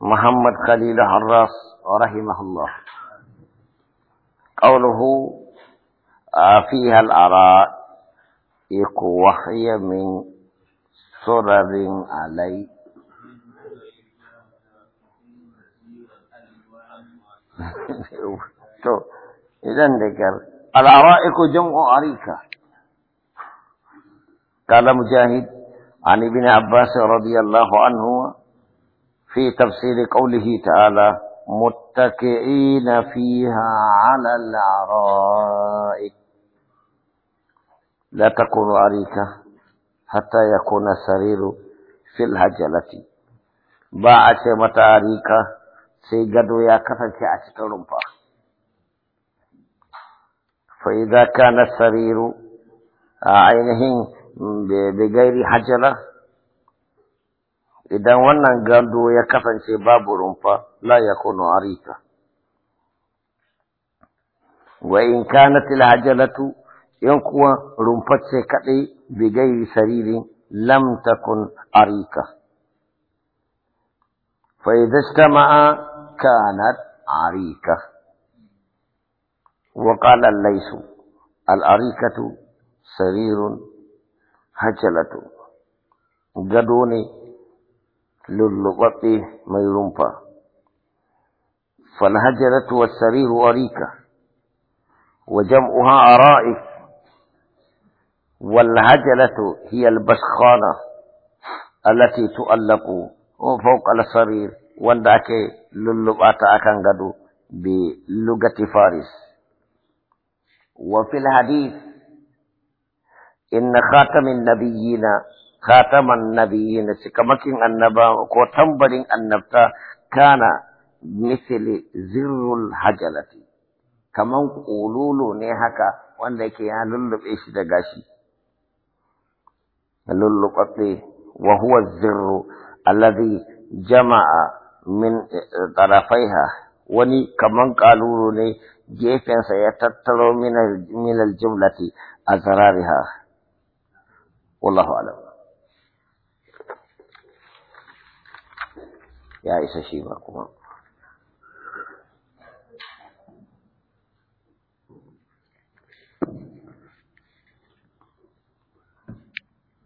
محمد خليل حراس رحمه الله قوله فيها الآراء وهي من سرر علي إذا ذكر الأرائك جمع أريكة قال مجاهد عن ابن عباس رضي الله عنه في تفسير قوله تعالى متكئين فيها على العرائك لا تكون عريكة حتى يكون السرير في الهجلة باع متى عريكة سيقدوا يا كفن كأشت رمبا فإذا كان السرير عينه بغير حجلة idan wannan gando ya kasance babu rumfa la yakunu arika wa in kanat alhajalatu in kuwa rumfar ce kadai bi gairi saririn lam takun arika fa idza istama'a kanat arika wa qala laysu al-arikatu sarirun hajalatu gado ne lulluɓaɓɓe ما rumfa falhajaratu والسرير arika وجمعها أرائف والهجلة هي البشخانة التي تؤلق فوق السرير وندعك للغة أكنغدو بلغة فارس وفي الحديث إن خاتم النبيين khataman nabiyyin cikamakin annaba ko tambarin annabta kana misali zirrul hajalati kaman kululu ne haka wanda yake ya lullube shi da gashi lullubatse wa huwa zirru alladhi jama'a min tarafaiha wani kaman kalulu ne gefensa ya tattaro min al-jumlati azrariha wallahu ya isa shi ba kuma